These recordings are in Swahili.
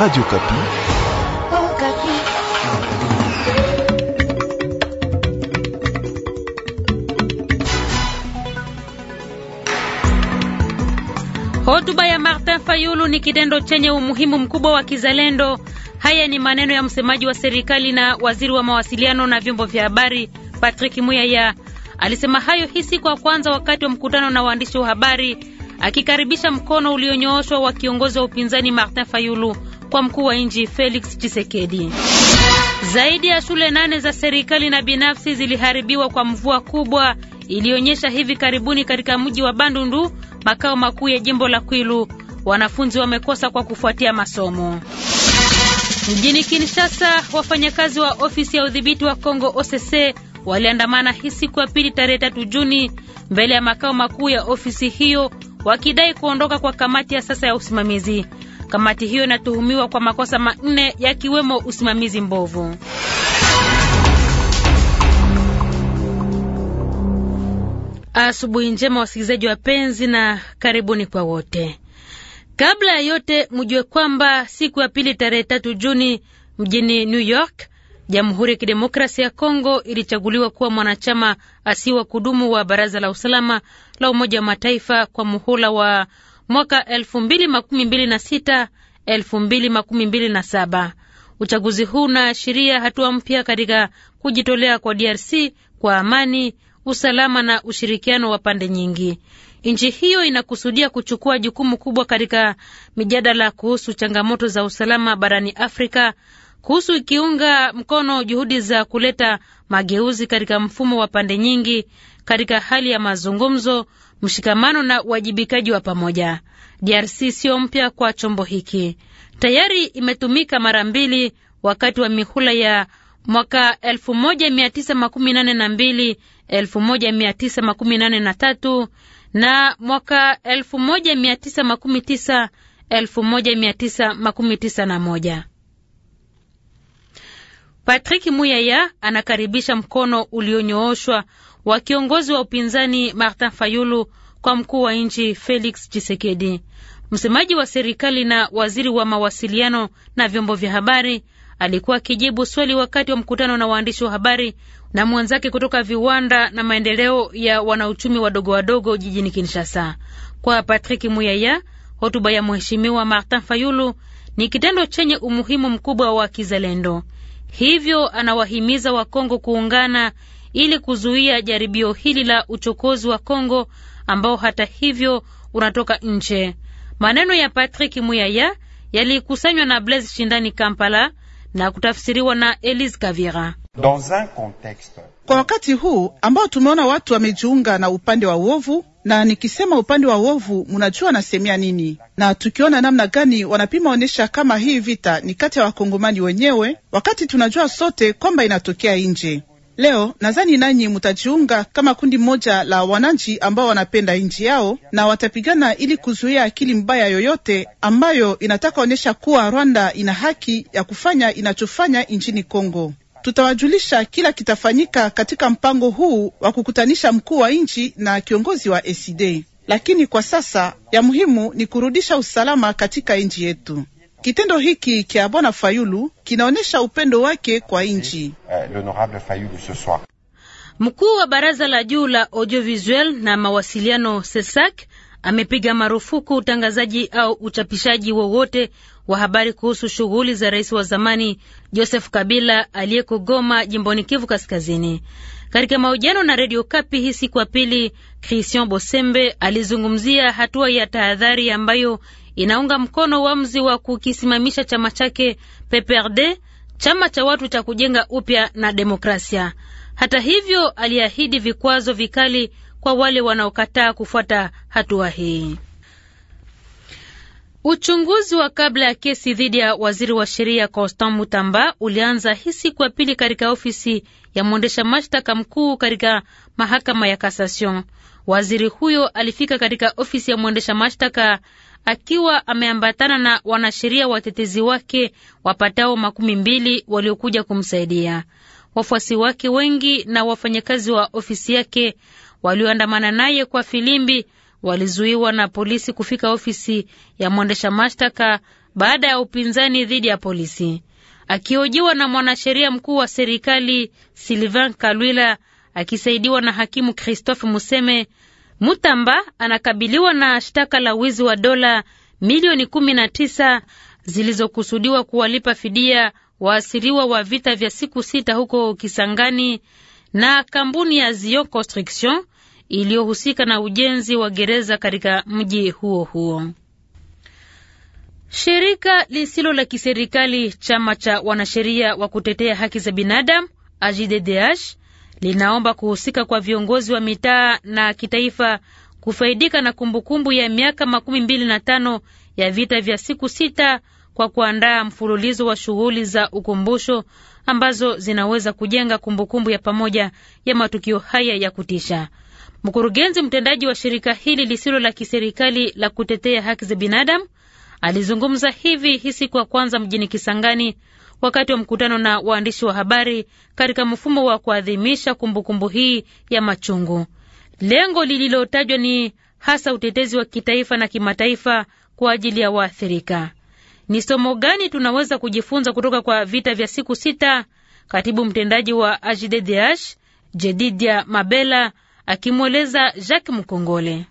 Radio Kapi. Oh, Kapi. Hotuba ya Martin Fayulu ni kitendo chenye umuhimu mkubwa wa kizalendo. Haya ni maneno ya msemaji wa serikali na waziri wa mawasiliano na vyombo vya habari Patrick Muyaya. Alisema hayo hii siku ya kwanza wakati wa mkutano na waandishi wa habari akikaribisha mkono ulionyooshwa wa kiongozi wa upinzani Martin Fayulu kwa mkuu wa nchi Felix Tshisekedi. Zaidi ya shule nane za serikali na binafsi ziliharibiwa kwa mvua kubwa ilionyesha hivi karibuni katika mji wa Bandundu, makao makuu ya jimbo la Kwilu. Wanafunzi wamekosa kwa kufuatia masomo. Mjini Kinshasa, wafanyakazi wa ofisi ya udhibiti wa Kongo OCC waliandamana hii siku ya pili tarehe tatu Juni mbele ya makao makuu ya ofisi hiyo wakidai kuondoka kwa kamati ya sasa ya usimamizi. Kamati hiyo inatuhumiwa kwa makosa manne yakiwemo usimamizi mbovu. Asubuhi njema wasikilizaji wapenzi, na karibuni kwa wote. Kabla ya yote, mjue kwamba siku ya pili tarehe tatu Juni mjini New York, Jamhuri ya Kidemokrasia ya Kongo ilichaguliwa kuwa mwanachama asiwa kudumu wa Baraza la Usalama la Umoja wa Mataifa kwa muhula wa mwaka elfu mbili makumi mbili na sita elfu mbili makumi mbili na saba. Uchaguzi huu unaashiria hatua mpya katika kujitolea kwa DRC kwa amani, usalama na ushirikiano wa pande nyingi. Nchi hiyo inakusudia kuchukua jukumu kubwa katika mijadala kuhusu changamoto za usalama barani Afrika kuhusu ikiunga mkono juhudi za kuleta mageuzi katika mfumo wa pande nyingi katika hali ya mazungumzo, mshikamano na uwajibikaji wa pamoja. DRC sio mpya kwa chombo hiki, tayari imetumika mara mbili wakati wa mihula ya mwaka 1982 1983 na mwaka 1990 1991. Patrick Muyaya anakaribisha mkono ulionyooshwa wa kiongozi wa upinzani Martin Fayulu kwa mkuu wa nchi Felix Tshisekedi. Msemaji wa serikali na waziri wa mawasiliano na vyombo vya habari alikuwa akijibu swali wakati wa mkutano na waandishi wa habari na mwenzake kutoka viwanda na maendeleo ya wanauchumi wadogo wadogo jijini Kinshasa. Kwa Patrick Muyaya, hotuba ya mheshimiwa Martin Fayulu ni kitendo chenye umuhimu mkubwa wa kizalendo. Hivyo anawahimiza Wakongo kuungana ili kuzuia jaribio hili la uchokozi wa Kongo ambao hata hivyo unatoka nje. Maneno ya Patrick Muyaya yalikusanywa na Blaise Shindani Kampala na kutafsiriwa na Elise Kavira. Kwa wakati huu ambao tumeona watu wamejiunga na upande wa uovu na nikisema upande wa uovu, mnajua nasemea nini, na tukiona namna gani wanapima onyesha kama hii vita ni kati ya wakongomani wenyewe, wakati tunajua sote kwamba inatokea nje. Leo nadhani nanyi mtajiunga kama kundi moja la wananchi ambao wanapenda nchi yao na watapigana ili kuzuia akili mbaya yoyote ambayo inataka onyesha kuwa Rwanda ina haki ya kufanya inachofanya nchini Kongo. Tutawajulisha kila kitafanyika katika mpango huu wa kukutanisha mkuu wa nchi na kiongozi wa ACD, e lakini kwa sasa ya muhimu ni kurudisha usalama katika nchi yetu. Kitendo hiki kya Bwana Fayulu kinaonyesha upendo wake kwa nchi. Eh, mkuu wa baraza la juu la audiovisuel na mawasiliano SESAC amepiga marufuku utangazaji au uchapishaji wowote wa habari kuhusu shughuli za rais wa zamani Joseph Kabila aliyeko Goma, jimboni Kivu Kaskazini. Katika mahojiano na redio Kapi hii siku ya pili, Christian Bosembe alizungumzia hatua ya tahadhari ambayo inaunga mkono uamuzi wa kukisimamisha chama chake PPRD, chama cha watu cha kujenga upya na demokrasia. Hata hivyo, aliahidi vikwazo vikali kwa wale wanaokataa kufuata hatua hii. Uchunguzi wa kabla ya kesi dhidi ya waziri wa sheria Constant Mutamba ulianza hii siku ya pili katika ofisi ya mwendesha mashtaka mkuu katika mahakama ya Kasasion. Waziri huyo alifika katika ofisi ya mwendesha mashtaka akiwa ameambatana na wanasheria watetezi wake wapatao makumi mbili waliokuja kumsaidia. Wafuasi wake wengi na wafanyakazi wa ofisi yake walioandamana naye kwa filimbi walizuiwa na polisi kufika ofisi ya mwendesha mashtaka baada ya upinzani dhidi ya polisi. Akihojiwa na mwanasheria mkuu wa serikali Sylvain Kalwila akisaidiwa na hakimu Christophe Museme, Mutamba anakabiliwa na shtaka la wizi wa dola milioni kumi na tisa zilizokusudiwa kuwalipa fidia waasiriwa wa vita vya siku sita huko Kisangani na kampuni ya Zion Construction iliyohusika na ujenzi wa gereza katika mji huo huo. Shirika lisilo la kiserikali chama cha wanasheria wa kutetea haki za binadamu AJDDH linaomba kuhusika kwa viongozi wa mitaa na kitaifa kufaidika na kumbukumbu ya miaka makumi mbili na tano ya vita vya siku sita kwa kuandaa mfululizo wa shughuli za ukumbusho ambazo zinaweza kujenga kumbukumbu ya pamoja ya matukio haya ya kutisha. Mkurugenzi mtendaji wa shirika hili lisilo la kiserikali la kutetea haki za binadamu alizungumza hivi hii siku ya kwanza mjini Kisangani wakati wa mkutano na waandishi wa habari katika mfumo wa kuadhimisha kumbukumbu hii ya machungu. Lengo lililotajwa ni hasa utetezi wa kitaifa na kimataifa kwa ajili ya waathirika. Ni somo gani tunaweza kujifunza kutoka kwa vita vya siku sita? Katibu mtendaji wa AJDDH Jedidia Mabela akimweleza Jacques Mkongole.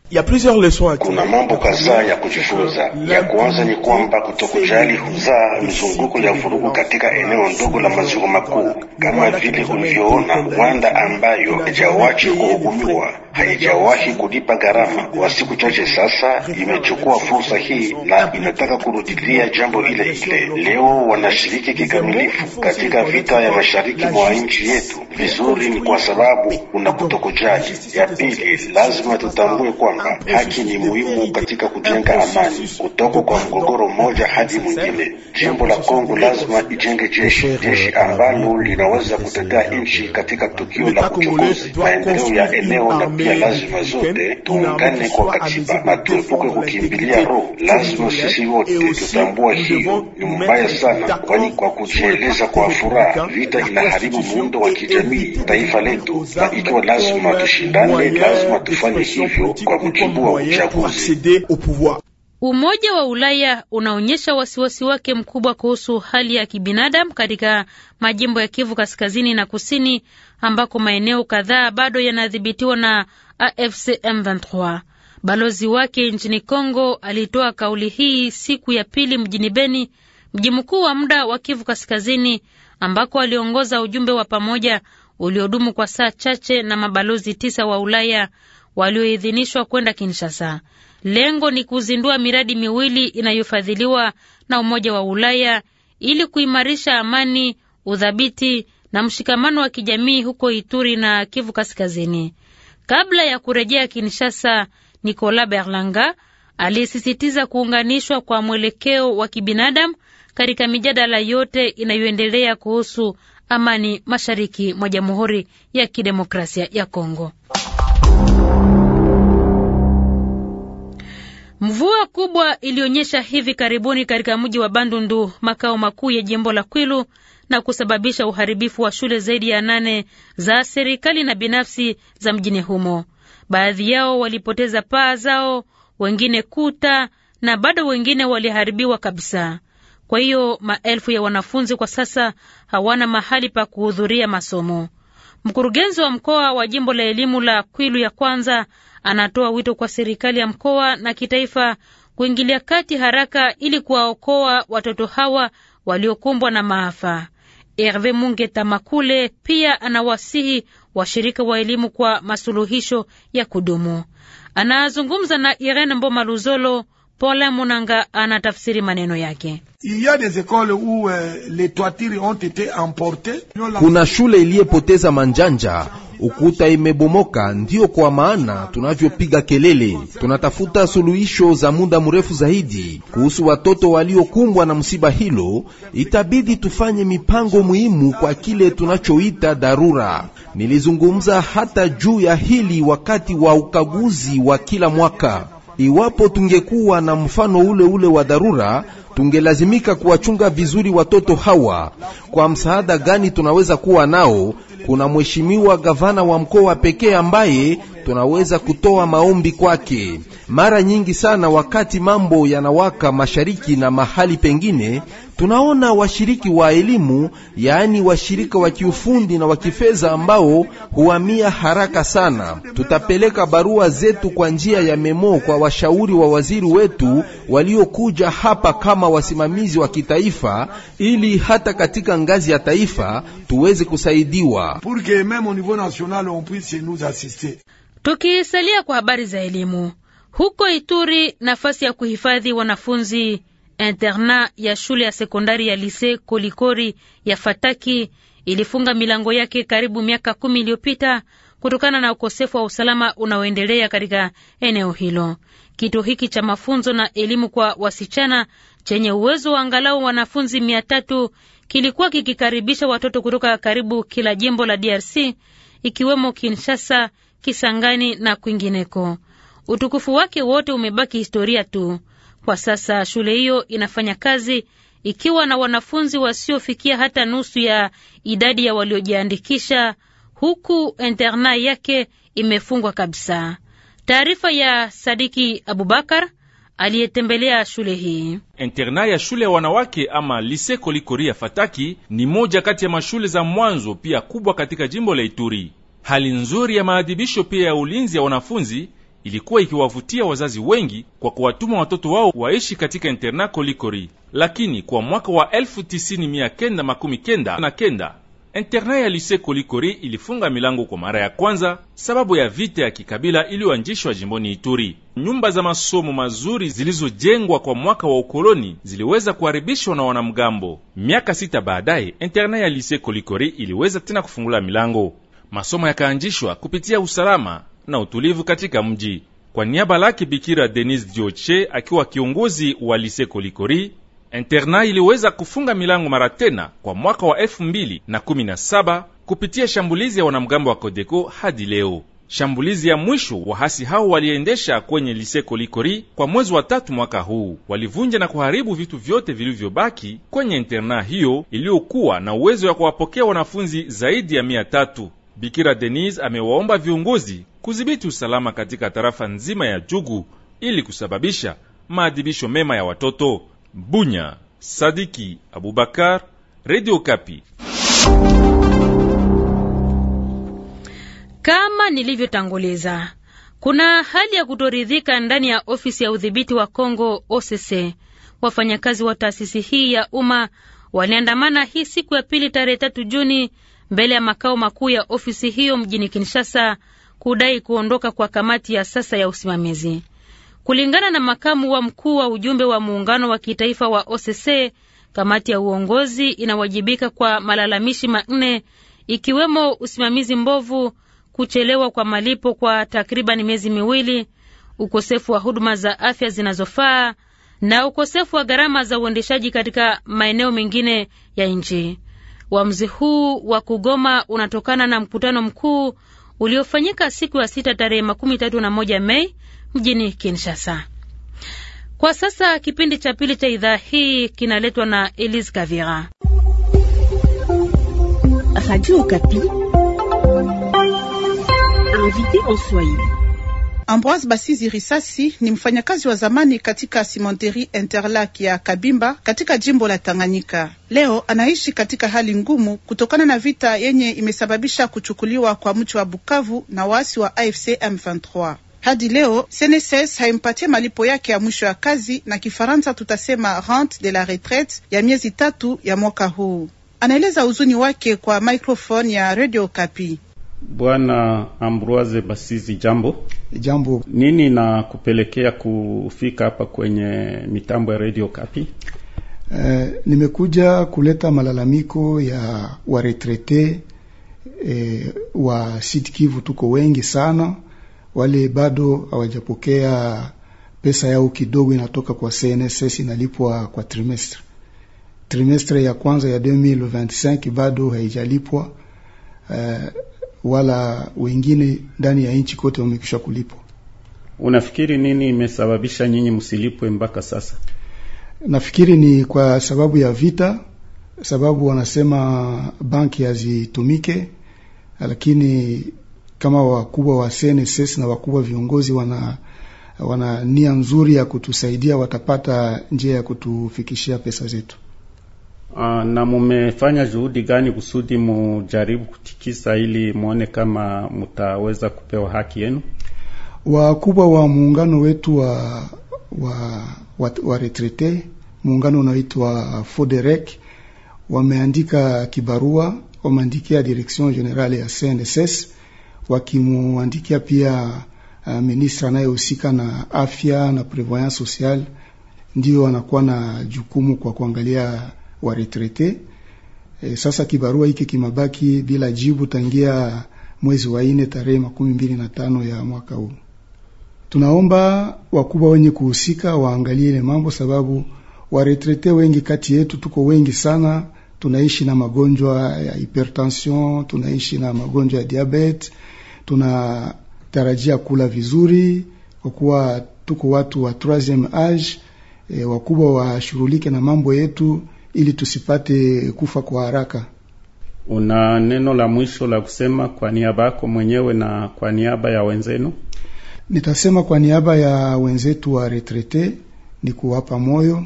Kuna mambo kadhaa ya kujifunza. Ya kwanza ni kwamba kutokujali huzaa mzunguko ya vurugu katika eneo ndogo la maziwa makuu, kama vile ulivyoona Rwanda ambayo haijawahi kuhukumiwa, haijawahi kulipa gharama. Kwa siku chache sasa imechukua fursa hii na inataka kurudilia jambo ile ile. Leo wanashiriki kikamilifu katika vita ya mashariki mwa nchi yetu. Vizuri, ni kwa sababu kuna kutokujali ya pili, lazima tutambue kwamba haki ni muhimu katika kujenga amani kutoka kwa mgogoro mmoja hadi mwingine. Jimbo la Kongo lazima ijenge jeshi, jeshi ambalo linaweza kutetea nchi katika tukio la uchokozi, maendeleo ya eneo, na pia lazima zote tuungane kwa katiba na tuepuke kukimbilia roho. Lazima sisi wote tutambua hiyo ni mbaya sana, kwani kwa kujieleza kwa furaha, vita inaharibu muundo wa kijamii taifa letu, na ikiwa lazima tushi lazima tufanye hivyo kwa mujibu wa uchaguzi. Umoja wa Ulaya unaonyesha wasiwasi wake mkubwa kuhusu hali ya kibinadamu katika majimbo ya Kivu kaskazini na kusini ambako maeneo kadhaa bado yanadhibitiwa na AFC M23. Balozi wake nchini Kongo alitoa kauli hii siku ya pili mjini Beni, mji mkuu wa muda wa Kivu kaskazini ambako aliongoza ujumbe wa pamoja uliodumu kwa saa chache na mabalozi tisa wa Ulaya walioidhinishwa kwenda Kinshasa. Lengo ni kuzindua miradi miwili inayofadhiliwa na Umoja wa Ulaya ili kuimarisha amani, udhabiti na mshikamano wa kijamii huko Ituri na Kivu Kaskazini. Kabla ya kurejea Kinshasa, Nicolas Berlanga alisisitiza kuunganishwa kwa mwelekeo wa kibinadamu katika mijadala yote inayoendelea kuhusu amani mashariki mwa Jamhuri ya Kidemokrasia ya Kongo. Mvua kubwa ilionyesha hivi karibuni katika mji wa Bandundu, makao makuu ya jimbo la Kwilu, na kusababisha uharibifu wa shule zaidi ya nane za serikali na binafsi za mjini humo. Baadhi yao walipoteza paa zao, wengine kuta, na bado wengine waliharibiwa kabisa. Kwa hiyo maelfu ya wanafunzi kwa sasa hawana mahali pa kuhudhuria masomo. Mkurugenzi wa mkoa wa jimbo la elimu la Kwilu ya kwanza anatoa wito kwa serikali ya mkoa na kitaifa kuingilia kati haraka ili kuwaokoa watoto hawa waliokumbwa na maafa. Herve munge tamakule pia anawasihi washirika wa elimu kwa masuluhisho ya kudumu. Anazungumza na Irene Mboma Luzolo. Paula Munanga anatafsiri maneno yake. Euh, Kuna shule iliyepoteza manjanja, ukuta imebomoka. Ndiyo kwa maana tunavyopiga kelele, tunatafuta suluhisho za muda mrefu zaidi kuhusu watoto waliokumbwa na msiba hilo. Itabidi tufanye mipango muhimu kwa kile tunachoita dharura. Nilizungumza hata juu ya hili wakati wa ukaguzi wa kila mwaka. Iwapo tungekuwa na mfano ule ule wa dharura, tungelazimika kuwachunga vizuri watoto hawa. Kwa msaada gani tunaweza kuwa nao? Kuna mheshimiwa gavana wa mkoa pekee ambaye tunaweza kutoa maombi kwake. Mara nyingi sana, wakati mambo yanawaka mashariki na mahali pengine, tunaona washiriki wa elimu, yaani washirika wa kiufundi na wa kifedha ambao huhamia haraka sana. Tutapeleka barua zetu kwa njia ya memo kwa washauri wa waziri wetu waliokuja hapa kama wasimamizi wa kitaifa, ili hata katika ngazi ya taifa tuweze kusaidiwa. Tukisalia kwa habari za elimu huko Ituri, nafasi ya kuhifadhi wanafunzi interna ya shule ya sekondari ya lise Kolikori ya Fataki ilifunga milango yake karibu miaka kumi iliyopita kutokana na ukosefu wa usalama unaoendelea katika eneo hilo. Kituo hiki cha mafunzo na elimu kwa wasichana chenye uwezo wa angalau wanafunzi mia tatu kilikuwa kikikaribisha watoto kutoka karibu kila jimbo la DRC ikiwemo Kinshasa, Kisangani na kwingineko. Utukufu wake wote umebaki historia tu. Kwa sasa shule hiyo inafanya kazi ikiwa na wanafunzi wasiofikia hata nusu ya idadi ya waliojiandikisha, huku internat yake imefungwa kabisa. Taarifa ya Sadiki Abubakar aliyetembelea shule hii. Interna ya shule ya wanawake ama lise Kolikori ya Fataki ni moja kati ya mashule za mwanzo pia kubwa katika jimbo la Ituri. Hali nzuri ya maadhibisho pia ya ulinzi ya wanafunzi ilikuwa ikiwavutia wazazi wengi kwa kuwatuma watoto wao waishi katika interna Kolikori, lakini kwa mwaka wa 1999 na kenda Internet ya lise Kolikori ilifunga milango kwa mara ya kwanza sababu ya vita ya kikabila iliyoanzishwa jimboni Ituri. Nyumba za masomo mazuri zilizojengwa kwa mwaka wa ukoloni ziliweza kuharibishwa na wanamgambo. Miaka sita baadaye, Internet ya lise Kolikori iliweza tena kufungula milango, masomo yakaanzishwa kupitia usalama na utulivu katika mji. Kwa niaba lake Bikira Denis Dioche akiwa kiongozi wa lise Kolikori Interna iliweza kufunga milango mara tena kwa mwaka wa 2017 kupitia shambulizi ya wanamgambo wa Kodeko hadi leo. Shambulizi ya mwisho wahasi hao waliendesha kwenye lise Kolikori kwa mwezi wa tatu mwaka huu. Walivunja na kuharibu vitu vyote vilivyobaki kwenye internat hiyo iliyokuwa na uwezo wa kuwapokea wanafunzi zaidi ya mia tatu. Bikira Denise amewaomba viongozi kudhibiti usalama katika tarafa nzima ya Jugu ili kusababisha maadhibisho mema ya watoto. Bunya. Sadiki Abubakar, Radio Kapi. Kama nilivyotanguliza, kuna hali ya kutoridhika ndani ya ofisi ya udhibiti wa Kongo OCC. Wafanyakazi wa taasisi hii ya umma waliandamana hii siku ya pili tarehe tatu Juni mbele ya makao makuu ya ofisi hiyo mjini Kinshasa kudai kuondoka kwa kamati ya sasa ya usimamizi. Kulingana na makamu wa mkuu wa ujumbe wa muungano wa kitaifa wa OCC, kamati ya uongozi inawajibika kwa malalamishi manne ikiwemo usimamizi mbovu, kuchelewa kwa malipo kwa takriban miezi miwili, ukosefu wa huduma za afya zinazofaa na ukosefu wa gharama za uendeshaji katika maeneo mengine ya nchi. Uamuzi huu wa kugoma unatokana na mkutano mkuu uliofanyika siku ya sita tarehe makumi tatu na moja Mei mjini Kinshasa. Kwa sasa kipindi cha pili cha idhaa hii kinaletwa na Elise Kavira. Ambroise Basizi Risasi ni mfanyakazi wa zamani katika Simanteri Interlak ya Kabimba katika jimbo la Tanganyika. Leo anaishi katika hali ngumu kutokana na vita yenye imesababisha kuchukuliwa kwa mji wa Bukavu na waasi wa AFC M23. Hadi leo SNSS haimpatie malipo yake ya mwisho ya kazi, na Kifaransa tutasema rente de la retraite ya miezi tatu ya mwaka huu. Anaeleza huzuni wake kwa microphone ya Radio Kapi. Bwana Ambroise Basizi, jambo. Jambo. Nini na kupelekea kufika hapa kwenye mitambo ya Radio Kapi? Uh, eh, nimekuja kuleta malalamiko ya waretrete eh, wa Sud Kivu. Tuko wengi sana wale bado hawajapokea pesa yao kidogo inatoka kwa CNSS inalipwa kwa trimestre. Trimestre ya kwanza ya 2025 bado haijalipwa, uh, wala wengine ndani ya nchi kote wamekisha kulipwa. Unafikiri nini imesababisha nyinyi msilipwe mpaka sasa? Nafikiri ni kwa sababu ya vita, sababu wanasema banki hazitumike, lakini kama wakubwa wa CNSS na wakubwa viongozi wana wana nia nzuri ya kutusaidia, watapata njia ya kutufikishia pesa zetu. Uh, na mumefanya juhudi gani kusudi mujaribu kutikisa ili muone kama mutaweza kupewa haki yenu? Wakubwa wa muungano wetu wa wa, wa, wa retrete muungano unaoitwa Foderec wameandika kibarua, wameandikia direction generale ya CNSS wakimwandikia pia uh, ministre anayehusika na afya na prevoyance sociale, ndio wanakuwa na jukumu kwa kuangalia waretrete. E, eh, sasa kibarua hiki kimabaki bila jibu tangia mwezi wa ine tarehe makumi mbili na tano ya mwaka huu. Tunaomba wakubwa wenye kuhusika waangalie ile mambo, sababu waretrete wengi kati yetu tuko wengi sana, tunaishi na magonjwa ya hipertension, tunaishi na magonjwa ya diabete tunatarajia kula vizuri kwa kuwa tuko watu wa troisieme age e, wakubwa washughulike na mambo yetu ili tusipate kufa kwa haraka. Una neno la mwisho la kusema kwa niaba yako mwenyewe na kwa niaba ya wenzenu? Nitasema kwa niaba ya wenzetu wa retrete ni kuwapa moyo,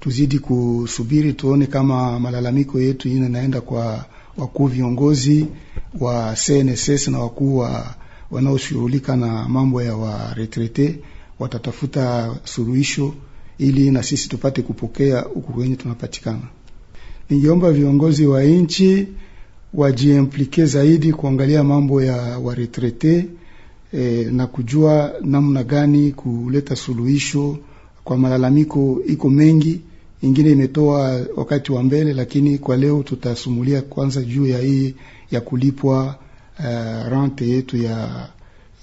tuzidi kusubiri tuone kama malalamiko yetu ine naenda kwa wakuu viongozi wa CNSS na wakuu wa wanaoshughulika na mambo ya waretrete watatafuta suluhisho ili na sisi tupate kupokea huku kwenye tunapatikana. Ningeomba viongozi wa nchi wajiimplike zaidi kuangalia mambo ya waretrete eh, na kujua namna gani kuleta suluhisho kwa malalamiko iko mengi ingine imetoa wakati wa mbele, lakini kwa leo tutasumulia kwanza juu ya hii ya kulipwa uh, rente yetu ya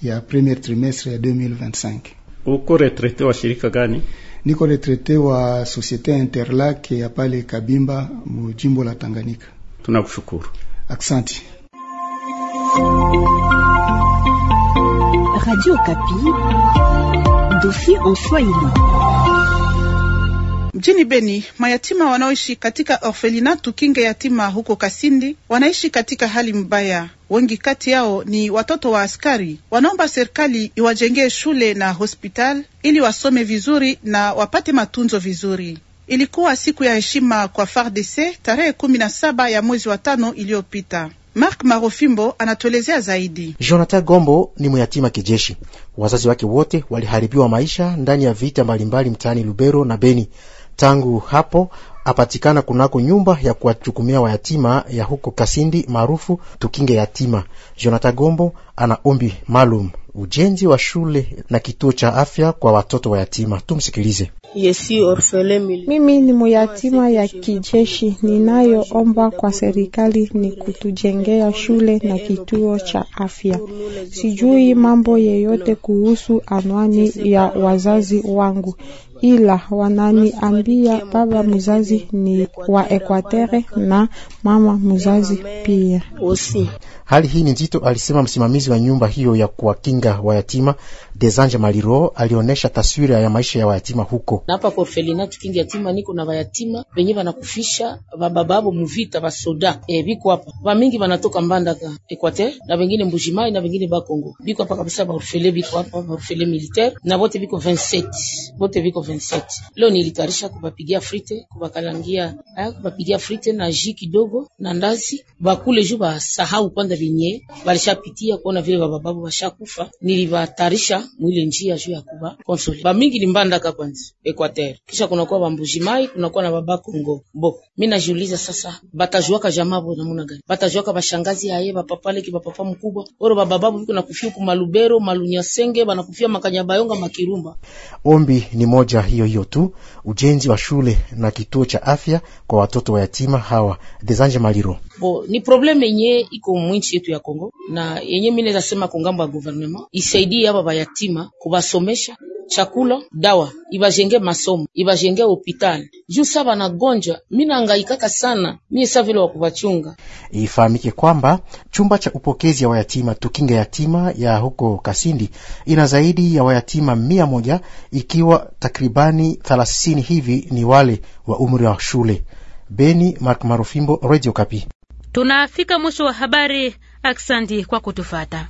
ya premier trimestre ya 2025. Uko retraite wa shirika gani? Niko retraite wa Societe Interlac ya pale Kabimba, jimbo la Tanganyika. Tunakushukuru. Aksanti. Radio Kapi, dossier en Swahili. Mjini Beni, mayatima wanaoishi katika orfelina Tukinge Yatima huko Kasindi wanaishi katika hali mbaya. Wengi kati yao ni watoto wa askari. Wanaomba serikali iwajengee shule na hospitali ili wasome vizuri na wapate matunzo vizuri. Ilikuwa siku ya heshima kwa FARDC tarehe kumi na saba ya mwezi wa tano iliyopita. Mark Marofimbo anatuelezea zaidi. Jonathan Gombo ni myatima kijeshi. Wazazi wake wote waliharibiwa maisha ndani ya vita mbalimbali mtaani Lubero na Beni. Tangu hapo apatikana kunako nyumba ya kuwachukumia wayatima ya huko Kasindi maarufu Tukinge Yatima. Jonathan Gombo ana ombi maalum ujenzi wa shule na kituo cha afya kwa watoto wayatima. Tumsikilize. Mimi ni muyatima ya kijeshi, ninayoomba kwa serikali ni kutujengea shule na kituo cha afya. Sijui mambo yeyote kuhusu anwani ya wazazi wangu, ila wananiambia baba mzazi ni wa Ekwatere na mama mzazi pia. Hali hii ni nzito, alisema msimamizi wa nyumba hiyo ya kuwakinga wayatima Desange Maliro alionyesha taswira ya maisha ya wayatima huko. Na hapa kwa Felina tukingi yatima niko na wayatima venye wanakufisha vabababo muvita soda. e, eh, biko hapa vamingi vanatoka Mbandaka Equateur na wengine Mbujimai na vengine Bakongo, biko hapa kabisa. ba orfele biko hapa, ba orfele militaire na vote biko 27 vote biko 27. Leo nilitarisha kuvapigia frite, kubakalangia, haya, eh, kuvapigia frite na ji kidogo na ndazi, vakule juba sahau kwanza venye valishapitia kuona vile vabababo washakufa. Nilivatarisha mwile njia juu ya kuba konsoli. Ba mingi ni mbandaka kwanza Equateur, kisha kuna kwa mai, kuna kwa na baba Kongo bo. Mimi najiuliza sasa, batajua ka jamaa bo muna gani? Batajua ka bashangazi papa bapapale ki papa mkubwa oro babu biko nakufia ku Malubero Malunyasenge, kufia Makanyabayonga Makirumba. Ombi ni moja hiyo hiyo tu, ujenzi wa shule na kituo cha afya kwa watoto wa yatima hawa. Desanje Maliro bo ni probleme yenye iko mwinchi yetu ya Kongo na yenye mimi naweza sema kongambo ya gouvernement isaidie hapa baya mayatima kubasomesha chakula, dawa, ibajenge masomo, ibajenge hopitali juu sa banagonjwa. Mi naangaikaka sana mie sa vile kuvachunga Ifahamike kwamba chumba cha upokezi ya wayatima tukinge yatima ya huko Kasindi ina zaidi ya wayatima mia moja ikiwa takribani thelathini hivi ni wale wa umri wa shule. Beni, Mark Marufimbo, Radio Kapi. Tunafika mwisho wa habari. Aksandi kwa kutufata.